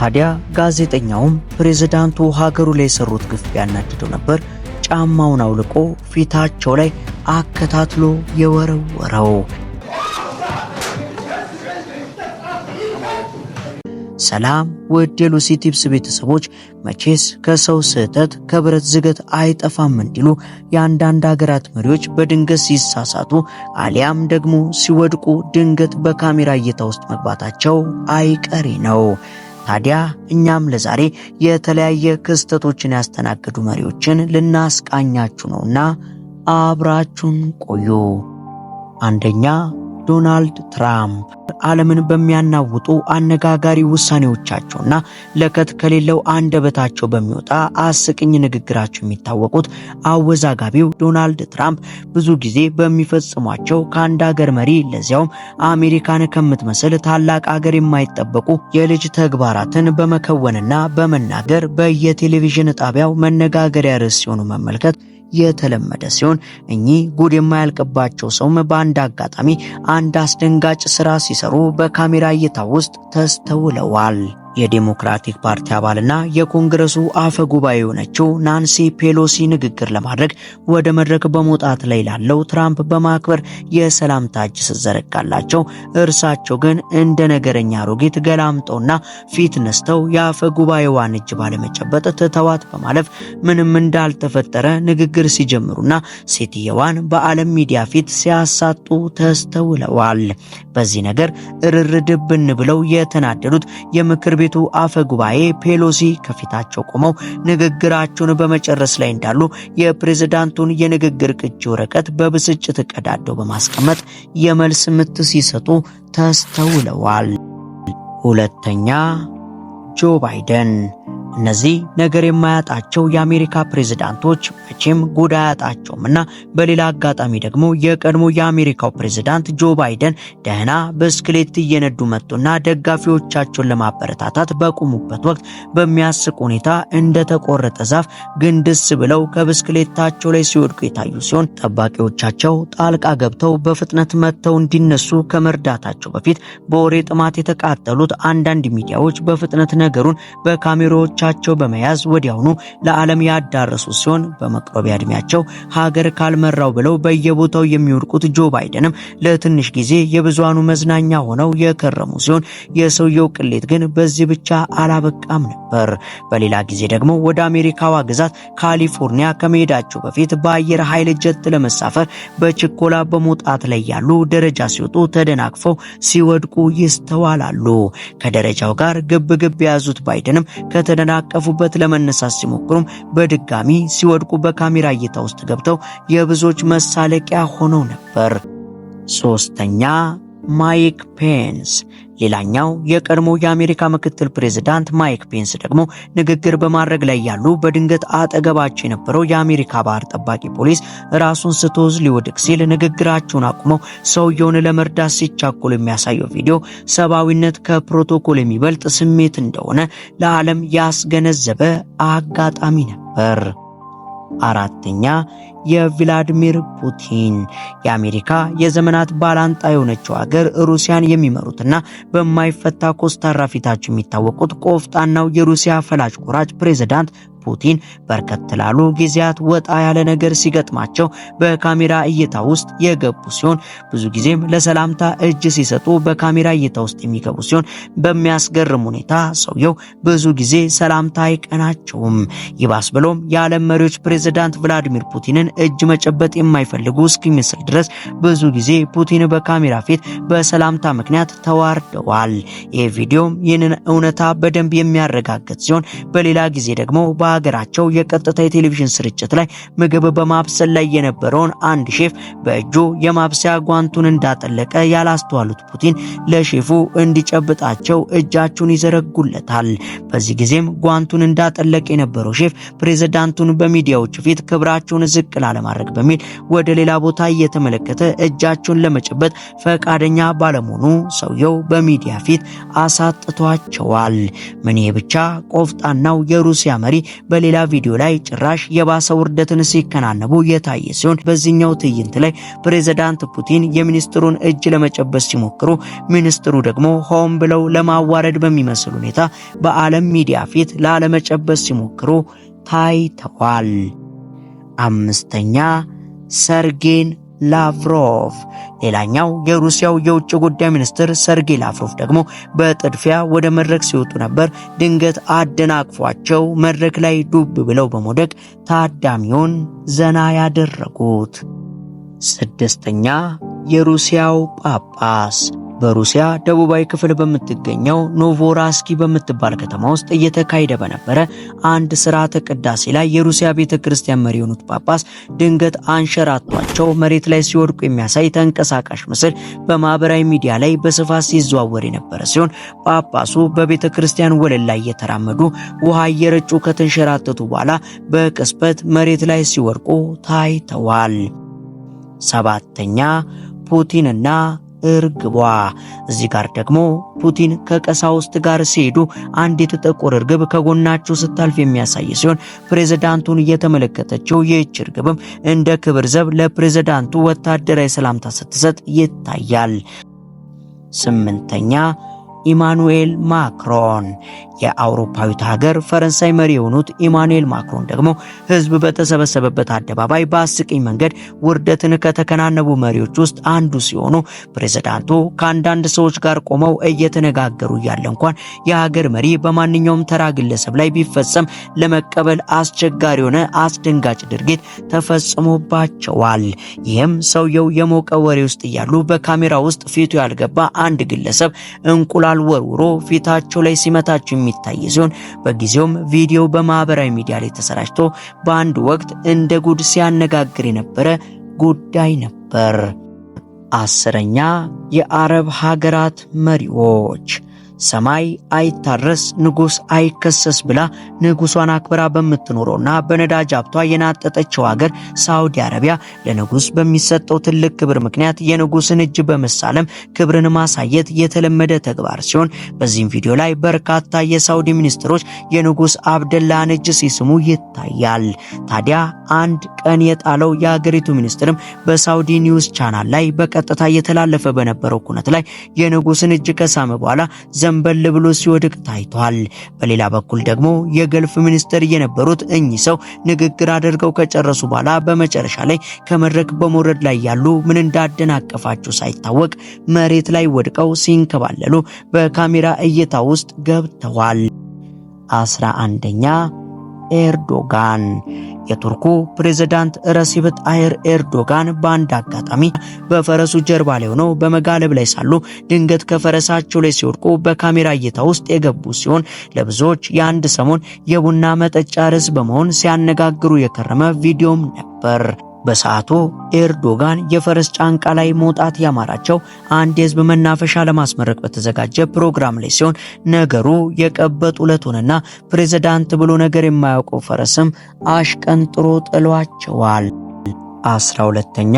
ታዲያ ጋዜጠኛውም ፕሬዝዳንቱ ሀገሩ ላይ የሰሩት ግፍ ቢያናድደው ነበር ጫማውን አውልቆ ፊታቸው ላይ አከታትሎ የወረወረው። ሰላም ውድ የሉሲ ቲፕስ ቤተሰቦች፣ መቼስ ከሰው ስህተት ከብረት ዝገት አይጠፋም እንዲሉ የአንዳንድ ሀገራት መሪዎች በድንገት ሲሳሳቱ አሊያም ደግሞ ሲወድቁ ድንገት በካሜራ እይታ ውስጥ መግባታቸው አይቀሬ ነው። ታዲያ እኛም ለዛሬ የተለያየ ክስተቶችን ያስተናገዱ መሪዎችን ልናስቃኛችሁ ነውና አብራችሁን ቆዩ። አንደኛ ዶናልድ ትራምፕ ዓለምን በሚያናውጡ አነጋጋሪ ውሳኔዎቻቸውና ለከት ከሌለው አንደበታቸው በሚወጣ አስቅኝ ንግግራቸው የሚታወቁት አወዛጋቢው ዶናልድ ትራምፕ ብዙ ጊዜ በሚፈጽሟቸው ከአንድ አገር መሪ ለዚያውም አሜሪካን ከምትመስል ታላቅ አገር የማይጠበቁ የልጅ ተግባራትን በመከወንና በመናገር በየቴሌቪዥን ጣቢያው መነጋገሪያ ርዕስ ሲሆኑ መመልከት የተለመደ ሲሆን እኚህ ጉድ የማያልቅባቸው ሰውም በአንድ አጋጣሚ አንድ አስደንጋጭ ስራ ሲሰሩ በካሜራ እይታ ውስጥ ተስተውለዋል። የዴሞክራቲክ ፓርቲ አባልና የኮንግረሱ አፈ ጉባኤ የሆነችው ናንሲ ፔሎሲ ንግግር ለማድረግ ወደ መድረክ በመውጣት ላይ ላለው ትራምፕ በማክበር የሰላምታ እጅ ስዘረጋላቸው እርሳቸው ግን እንደ ነገረኛ አሮጊት ገላምጠውና ፊት ነስተው የአፈ ጉባኤዋን እጅ ባለመጨበጥ ትተዋት በማለፍ ምንም እንዳልተፈጠረ ንግግር ሲጀምሩና ሴትየዋን በዓለም ሚዲያ ፊት ሲያሳጡ ተስተውለዋል። በዚህ ነገር እርርድብን ብለው የተናደዱት የምክር ቤቱ አፈ ጉባኤ ፔሎሲ ከፊታቸው ቆመው ንግግራቸውን በመጨረስ ላይ እንዳሉ የፕሬዝዳንቱን የንግግር ቅጂ ወረቀት በብስጭት ቀዳደው በማስቀመጥ የመልስ ምት ሲሰጡ ተስተውለዋል። ሁለተኛ ጆ ባይደን እነዚህ ነገር የማያጣቸው የአሜሪካ ፕሬዝዳንቶች መቼም ጉድ አያጣቸውም እና በሌላ አጋጣሚ ደግሞ የቀድሞ የአሜሪካው ፕሬዝዳንት ጆ ባይደን ደህና ብስክሌት እየነዱ መጡና ደጋፊዎቻቸውን ለማበረታታት በቆሙበት ወቅት በሚያስቅ ሁኔታ እንደተቆረጠ ዛፍ ግንድስ ብለው ከብስክሌታቸው ላይ ሲወድቁ የታዩ ሲሆን ጠባቂዎቻቸው ጣልቃ ገብተው በፍጥነት መጥተው እንዲነሱ ከመርዳታቸው በፊት በወሬ ጥማት የተቃጠሉት አንዳንድ ሚዲያዎች በፍጥነት ነገሩን በካሜራዎቻ በእጃቸው በመያዝ ወዲያውኑ ለዓለም ያዳረሱ ሲሆን በመቅረቢያ ዕድሜያቸው ሀገር ካልመራው ብለው በየቦታው የሚወድቁት ጆ ባይደንም ለትንሽ ጊዜ የብዙሃኑ መዝናኛ ሆነው የከረሙ ሲሆን የሰውየው ቅሌት ግን በዚህ ብቻ አላበቃም ነበር። በሌላ ጊዜ ደግሞ ወደ አሜሪካዋ ግዛት ካሊፎርኒያ ከመሄዳቸው በፊት በአየር ኃይል ጀት ለመሳፈር በችኮላ በመውጣት ላይ ያሉ ደረጃ ሲወጡ ተደናቅፈው ሲወድቁ ይስተዋላሉ። ከደረጃው ጋር ግብ ግብ የያዙት ባይደንም ከተደና ሊታቀፉበት ለመነሳት ሲሞክሩም በድጋሚ ሲወድቁ በካሜራ እይታ ውስጥ ገብተው የብዙዎች መሳለቂያ ሆነው ነበር። ሶስተኛ ማይክ ፔንስ። ሌላኛው የቀድሞ የአሜሪካ ምክትል ፕሬዝዳንት ማይክ ፔንስ ደግሞ ንግግር በማድረግ ላይ ያሉ በድንገት አጠገባቸው የነበረው የአሜሪካ ባህር ጠባቂ ፖሊስ ራሱን ስቶዝ ሊወድቅ ሲል ንግግራቸውን አቁመው ሰውየውን ለመርዳት ሲቻኮሉ የሚያሳየው ቪዲዮ ሰብአዊነት ከፕሮቶኮል የሚበልጥ ስሜት እንደሆነ ለዓለም ያስገነዘበ አጋጣሚ ነበር። አራተኛ የቭላዲሚር ፑቲን የአሜሪካ የዘመናት ባላንጣ የሆነችው ሀገር ሩሲያን የሚመሩትና በማይፈታ ኮስታራ ፊታቸው የሚታወቁት ቆፍጣናው የሩሲያ ፈላጭ ቆራጭ ፕሬዝዳንት ፑቲን በርከት ላሉ ጊዜያት ወጣ ያለ ነገር ሲገጥማቸው በካሜራ እይታ ውስጥ የገቡ ሲሆን ብዙ ጊዜም ለሰላምታ እጅ ሲሰጡ በካሜራ እይታ ውስጥ የሚገቡ ሲሆን በሚያስገርም ሁኔታ ሰውየው ብዙ ጊዜ ሰላምታ አይቀናቸውም። ይባስ ብሎም የዓለም መሪዎች ፕሬዝዳንት ቭላዲሚር ፑቲንን እጅ መጨበጥ የማይፈልጉ እስኪመስል ድረስ ብዙ ጊዜ ፑቲን በካሜራ ፊት በሰላምታ ምክንያት ተዋርደዋል። ይህ ቪዲዮም ይህንን እውነታ በደንብ የሚያረጋግጥ ሲሆን በሌላ ጊዜ ደግሞ በሀገራቸው የቀጥታ የቴሌቪዥን ስርጭት ላይ ምግብ በማብሰል ላይ የነበረውን አንድ ሼፍ በእጁ የማብሰያ ጓንቱን እንዳጠለቀ ያላስተዋሉት ፑቲን ለሼፉ እንዲጨብጣቸው እጃቸውን ይዘረጉለታል። በዚህ ጊዜም ጓንቱን እንዳጠለቀ የነበረው ሼፍ ፕሬዝዳንቱን በሚዲያዎች ፊት ክብራቸውን ዝቅ ላለማድረግ በሚል ወደ ሌላ ቦታ እየተመለከተ እጃቸውን ለመጨበጥ ፈቃደኛ ባለመሆኑ ሰውየው በሚዲያ ፊት አሳጥቷቸዋል። ምን ብቻ ቆፍጣናው የሩሲያ መሪ በሌላ ቪዲዮ ላይ ጭራሽ የባሰ ውርደትን ሲከናነቡ የታየ ሲሆን በዚህኛው ትዕይንት ላይ ፕሬዝዳንት ፑቲን የሚኒስትሩን እጅ ለመጨበስ ሲሞክሩ ሚኒስትሩ ደግሞ ሆን ብለው ለማዋረድ በሚመስል ሁኔታ በዓለም ሚዲያ ፊት ላለመጨበስ ሲሞክሩ ታይተዋል። አምስተኛ ሰርጌን ላቭሮቭ። ሌላኛው የሩሲያው የውጭ ጉዳይ ሚኒስትር ሰርጌይ ላቭሮቭ ደግሞ በጥድፊያ ወደ መድረክ ሲወጡ ነበር። ድንገት አደናቅፏቸው መድረክ ላይ ዱብ ብለው በመውደቅ ታዳሚውን ዘና ያደረጉት። ስድስተኛ የሩሲያው ጳጳስ በሩሲያ ደቡባዊ ክፍል በምትገኘው ኖቮራስኪ በምትባል ከተማ ውስጥ እየተካሄደ በነበረ አንድ ስርዓተ ቅዳሴ ላይ የሩሲያ ቤተ ክርስቲያን መሪ የሆኑት ጳጳስ ድንገት አንሸራቷቸው መሬት ላይ ሲወድቁ የሚያሳይ ተንቀሳቃሽ ምስል በማህበራዊ ሚዲያ ላይ በስፋት ሲዘዋወር የነበረ ሲሆን ጳጳሱ በቤተ ክርስቲያን ወለል ላይ እየተራመዱ ውሃ እየረጩ ከተንሸራተቱ በኋላ በቅጽበት መሬት ላይ ሲወድቁ ታይተዋል። ሰባተኛ ፑቲንና እርግቧ። እዚህ ጋር ደግሞ ፑቲን ከቀሳውስት ጋር ሲሄዱ አንዲት ጥቁር እርግብ ከጎናቸው ስታልፍ የሚያሳይ ሲሆን ፕሬዝዳንቱን እየተመለከተችው ይህች እርግብም እንደ ክብር ዘብ ለፕሬዝዳንቱ ወታደራዊ ሰላምታ ስትሰጥ ይታያል። ስምንተኛ ኢማኑኤል ማክሮን የአውሮፓዊት ሀገር ፈረንሳይ መሪ የሆኑት ኢማኑኤል ማክሮን ደግሞ ህዝብ በተሰበሰበበት አደባባይ በአስቂኝ መንገድ ውርደትን ከተከናነቡ መሪዎች ውስጥ አንዱ ሲሆኑ ፕሬዝዳንቱ ከአንዳንድ ሰዎች ጋር ቆመው እየተነጋገሩ እያለ እንኳን የሀገር መሪ በማንኛውም ተራ ግለሰብ ላይ ቢፈጸም ለመቀበል አስቸጋሪ የሆነ አስደንጋጭ ድርጊት ተፈጽሞባቸዋል። ይህም ሰውየው የሞቀ ወሬ ውስጥ እያሉ በካሜራ ውስጥ ፊቱ ያልገባ አንድ ግለሰብ እንቁላል ወርውሮ ፊታቸው ላይ ሲመታቸው የሚታይ ሲሆን በጊዜውም ቪዲዮ በማህበራዊ ሚዲያ ላይ ተሰራጭቶ በአንድ ወቅት እንደ ጉድ ሲያነጋግር የነበረ ጉዳይ ነበር። አስረኛ የአረብ ሀገራት መሪዎች ሰማይ አይታረስ ንጉሥ አይከሰስ ብላ ንጉሷን አክብራ በምትኖረውና በነዳጅ ሀብቷ የናጠጠችው ሀገር ሳዑዲ አረቢያ ለንጉሥ በሚሰጠው ትልቅ ክብር ምክንያት የንጉሥን እጅ በመሳለም ክብርን ማሳየት የተለመደ ተግባር ሲሆን በዚህም ቪዲዮ ላይ በርካታ የሳዑዲ ሚኒስትሮች የንጉሥ አብደላን እጅ ሲስሙ ይታያል። ታዲያ አንድ ቀን የጣለው የሀገሪቱ ሚኒስትርም በሳዑዲ ኒውስ ቻናል ላይ በቀጥታ እየተላለፈ በነበረው ኩነት ላይ የንጉሥን እጅ ከሳመ በኋላ ዘንበል ብሎ ሲወድቅ ታይቷል። በሌላ በኩል ደግሞ የገልፍ ሚኒስትር የነበሩት እኚህ ሰው ንግግር አድርገው ከጨረሱ በኋላ በመጨረሻ ላይ ከመድረክ በመውረድ ላይ ያሉ ምን እንዳደናቀፋቸው ሳይታወቅ መሬት ላይ ወድቀው ሲንከባለሉ በካሜራ እይታ ውስጥ ገብተዋል። አስራ አንደኛ ኤርዶጋን የቱርኩ ፕሬዝዳንት ረሲብ ጣይር ኤርዶጋን በአንድ አጋጣሚ በፈረሱ ጀርባ ላይ ሆነው በመጋለብ ላይ ሳሉ ድንገት ከፈረሳቸው ላይ ሲወድቁ በካሜራ እይታ ውስጥ የገቡ ሲሆን ለብዙዎች የአንድ ሰሞን የቡና መጠጫ ርዕስ በመሆን ሲያነጋግሩ የከረመ ቪዲዮም ነበር። በሰዓቱ ኤርዶጋን የፈረስ ጫንቃ ላይ መውጣት ያማራቸው አንድ የህዝብ መናፈሻ ለማስመረቅ በተዘጋጀ ፕሮግራም ላይ ሲሆን ነገሩ የቀበጥ ውለቱንና ፕሬዝዳንት ብሎ ነገር የማያውቀው ፈረስም አሽቀንጥሮ ጥሏቸዋል። አስራ ሁለተኛ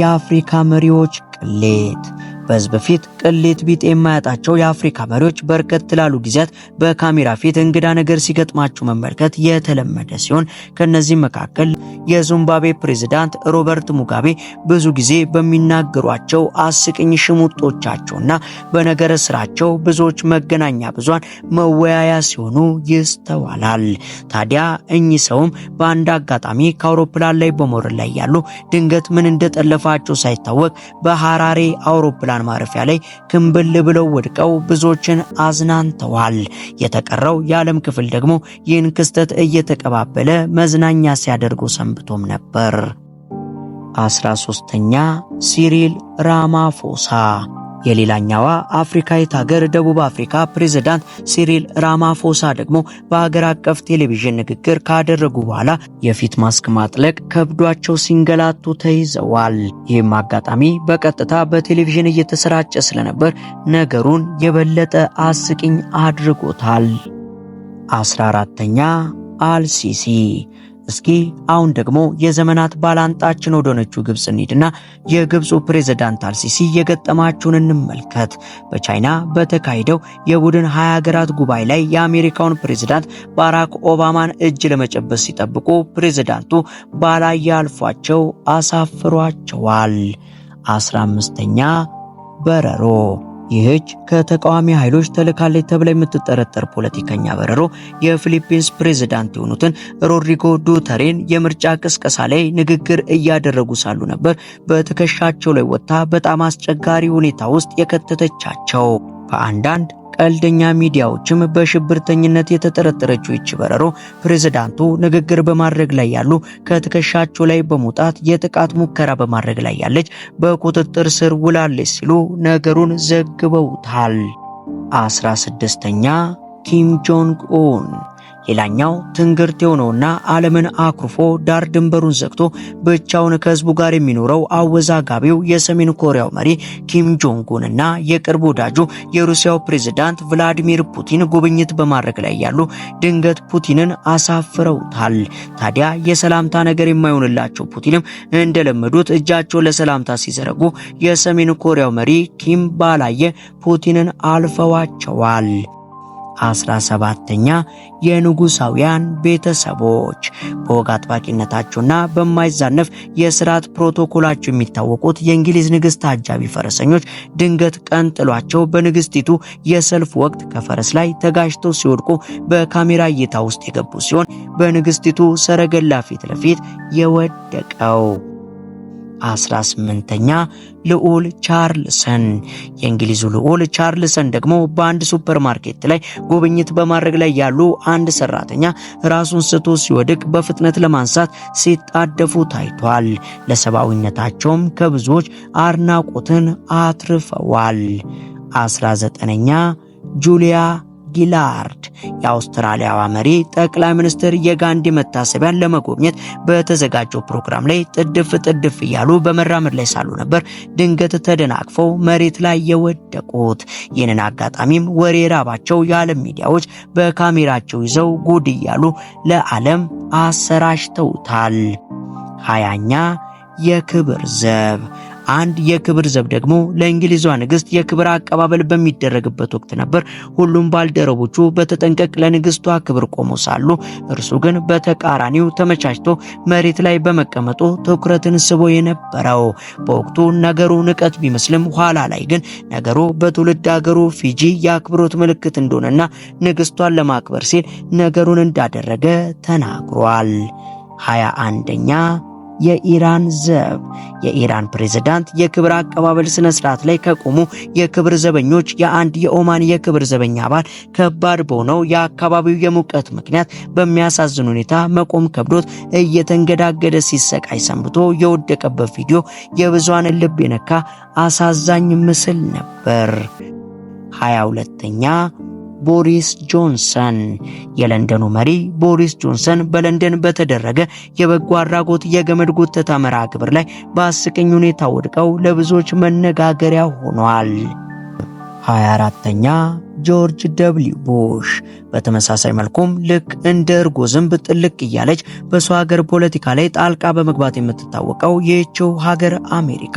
የአፍሪካ መሪዎች ቅሌት በህዝብ ፊት ቅሌት ቢጤ የማያጣቸው የአፍሪካ መሪዎች በርከት ላሉ ጊዜያት በካሜራ ፊት እንግዳ ነገር ሲገጥማቸው መመልከት የተለመደ ሲሆን ከነዚህ መካከል የዚምባብዌ ፕሬዝዳንት ሮበርት ሙጋቤ ብዙ ጊዜ በሚናገሯቸው አስቅኝ ሽሙጦቻቸውና በነገረ ስራቸው ብዙዎች መገናኛ ብዙሃን መወያያ ሲሆኑ ይስተዋላል። ታዲያ እኚህ ሰውም በአንድ አጋጣሚ ከአውሮፕላን ላይ በመውረድ ላይ ያሉ ድንገት ምን እንደጠለፋቸው ሳይታወቅ በሐራሬ አውሮፕላን አውሮፕላን ማረፊያ ላይ ክምብል ብለው ወድቀው ብዙዎችን አዝናንተዋል። የተቀረው የዓለም ክፍል ደግሞ ይህን ክስተት እየተቀባበለ መዝናኛ ሲያደርጉ ሰንብቶም ነበር። 13 13ኛ ሲሪል ራማፎሳ የሌላኛዋ አፍሪካዊት ሀገር ደቡብ አፍሪካ ፕሬዝዳንት ሲሪል ራማፎሳ ደግሞ በሀገር አቀፍ ቴሌቪዥን ንግግር ካደረጉ በኋላ የፊት ማስክ ማጥለቅ ከብዷቸው ሲንገላቱ ተይዘዋል። ይህም አጋጣሚ በቀጥታ በቴሌቪዥን እየተሰራጨ ስለነበር ነገሩን የበለጠ አስቂኝ አድርጎታል። አስራ አራተኛ አልሲሲ እስኪ አሁን ደግሞ የዘመናት ባላንጣችን ወደሆነችው ግብፅ እንሂድና የግብፁ ፕሬዝዳንት አልሲሲ የገጠማችሁን እንመልከት። በቻይና በተካሄደው የቡድን ሀያ ሀገራት ጉባኤ ላይ የአሜሪካውን ፕሬዝዳንት ባራክ ኦባማን እጅ ለመጨበስ ሲጠብቁ ፕሬዝዳንቱ ባላየ አልፏቸው አሳፍሯቸዋል። አስራ አምስተኛ በረሮ ይህች ከተቃዋሚ ኃይሎች ተልካለች ተብላ የምትጠረጠር ፖለቲከኛ በረሮ የፊሊፒንስ ፕሬዝዳንት የሆኑትን ሮድሪጎ ዱተሬን የምርጫ ቅስቀሳ ላይ ንግግር እያደረጉ ሳሉ ነበር በትከሻቸው ላይ ወጥታ በጣም አስቸጋሪ ሁኔታ ውስጥ የከተተቻቸው። በአንዳንድ ቀልደኛ ሚዲያዎችም በሽብርተኝነት የተጠረጠረችው ይች በረሮ ፕሬዝዳንቱ ንግግር በማድረግ ላይ ያሉ ከትከሻቸው ላይ በመውጣት የጥቃት ሙከራ በማድረግ ላይ ያለች በቁጥጥር ስር ውላለች ሲሉ ነገሩን ዘግበውታል። አስራ ስድስተኛ ኪም ጆንግ ኡን ሌላኛው ትንግርት የሆነውና ዓለምን አኩርፎ ዳር ድንበሩን ዘግቶ ብቻውን ከህዝቡ ጋር የሚኖረው አወዛጋቢው የሰሜን ኮሪያው መሪ ኪም ጆንግ ኡንና የቅርብ ወዳጁ የሩሲያው ፕሬዝዳንት ቭላዲሚር ፑቲን ጉብኝት በማድረግ ላይ ያሉ ድንገት ፑቲንን አሳፍረውታል። ታዲያ የሰላምታ ነገር የማይሆንላቸው ፑቲንም እንደለመዱት እጃቸውን ለሰላምታ ሲዘረጉ የሰሜን ኮሪያው መሪ ኪም ባላየ ፑቲንን አልፈዋቸዋል። አስራ ሰባተኛ የንጉሳውያን ቤተሰቦች በወግ አጥባቂነታቸውና በማይዛነፍ የስርዓት ፕሮቶኮላቸው የሚታወቁት የእንግሊዝ ንግሥት አጃቢ ፈረሰኞች ድንገት ቀን ጥሏቸው በንግሥቲቱ የሰልፍ ወቅት ከፈረስ ላይ ተጋጅተው ሲወድቁ በካሜራ እይታ ውስጥ የገቡ ሲሆን በንግሥቲቱ ሰረገላ ፊት ለፊት የወደቀው 18ኛ ልዑል ቻርልሰን። የእንግሊዙ ልዑል ቻርልሰን ደግሞ በአንድ ሱፐርማርኬት ላይ ጉብኝት በማድረግ ላይ ያሉ አንድ ሰራተኛ ራሱን ስቶ ሲወድቅ በፍጥነት ለማንሳት ሲጣደፉ ታይቷል። ለሰብአዊነታቸውም ከብዙዎች አድናቆትን አትርፈዋል። 19ኛ ጁሊያ ጊላርድ የአውስትራሊያዋ መሪ ጠቅላይ ሚኒስትር የጋንዲ መታሰቢያን ለመጎብኘት በተዘጋጀው ፕሮግራም ላይ ጥድፍ ጥድፍ እያሉ በመራመድ ላይ ሳሉ ነበር ድንገት ተደናቅፈው መሬት ላይ የወደቁት። ይህንን አጋጣሚም ወሬ ራባቸው የዓለም ሚዲያዎች በካሜራቸው ይዘው ጉድ እያሉ ለዓለም አሰራጭተውታል። ሀያኛ የክብር ዘብ አንድ የክብር ዘብ ደግሞ ለእንግሊዟ ንግስት የክብር አቀባበል በሚደረግበት ወቅት ነበር። ሁሉም ባልደረቦቹ በተጠንቀቅ ለንግስቷ ክብር ቆሞ ሳሉ እርሱ ግን በተቃራኒው ተመቻችቶ መሬት ላይ በመቀመጡ ትኩረትን ስቦ የነበረው። በወቅቱ ነገሩ ንቀት ቢመስልም ኋላ ላይ ግን ነገሩ በትውልድ ሀገሩ ፊጂ የአክብሮት ምልክት እንደሆነና ንግስቷን ለማክበር ሲል ነገሩን እንዳደረገ ተናግሯል። ሃያ አንደኛ የኢራን ዘብ የኢራን ፕሬዝዳንት የክብር አቀባበል ስነ ስርዓት ላይ ከቆሙ የክብር ዘበኞች የአንድ የኦማን የክብር ዘበኛ አባል ከባድ በሆነው የአካባቢው የሙቀት ምክንያት በሚያሳዝን ሁኔታ መቆም ከብዶት እየተንገዳገደ ሲሰቃይ ሰንብቶ የወደቀበት ቪዲዮ የብዙሃን ልብ የነካ አሳዛኝ ምስል ነበር። 22ኛ ቦሪስ ጆንሰን። የለንደኑ መሪ ቦሪስ ጆንሰን በለንደን በተደረገ የበጎ አድራጎት የገመድ ጉተታ መርሃ ግብር ላይ በአስቂኝ ሁኔታ ወድቀው ለብዙዎች መነጋገሪያ ሆኗል። 24ኛ ጆርጅ ደብሊው ቡሽ። በተመሳሳይ መልኩም ልክ እንደ እርጎ ዝንብ ጥልቅ እያለች በሰው ሀገር ፖለቲካ ላይ ጣልቃ በመግባት የምትታወቀው ይህችው ሀገር አሜሪካ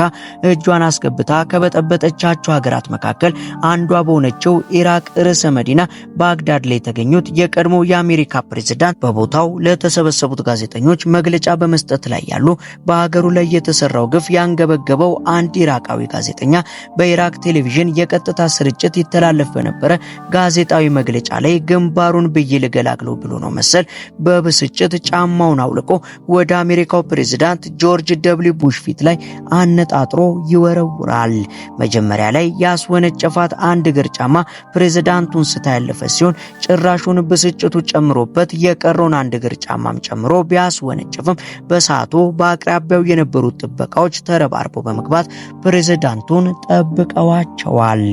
እጇን አስገብታ ከበጠበጠቻቸው ሀገራት መካከል አንዷ በሆነችው ኢራቅ ርዕሰ መዲና ባግዳድ ላይ የተገኙት የቀድሞ የአሜሪካ ፕሬዝዳንት በቦታው ለተሰበሰቡት ጋዜጠኞች መግለጫ በመስጠት ላይ ያሉ በሀገሩ ላይ የተሰራው ግፍ ያንገበገበው አንድ ኢራቃዊ ጋዜጠኛ በኢራቅ ቴሌቪዥን የቀጥታ ስርጭት ይተላለፍ በነበር በነበረ ጋዜጣዊ መግለጫ ላይ ግንባሩን ብዬ ልገላግለው ብሎ ነው መሰል በብስጭት ጫማውን አውልቆ ወደ አሜሪካው ፕሬዝዳንት ጆርጅ ደብሊው ቡሽ ፊት ላይ አነጣጥሮ ይወረውራል። መጀመሪያ ላይ ያስወነጨፋት አንድ እግር ጫማ ፕሬዝዳንቱን ስታ ያለፈ ሲሆን ጭራሹን ብስጭቱ ጨምሮበት የቀረውን አንድ እግር ጫማም ጨምሮ ቢያስወነጭፍም በሰዓቱ በአቅራቢያው የነበሩት ጥበቃዎች ተረባርቦ በመግባት ፕሬዝዳንቱን ጠብቀዋቸዋል።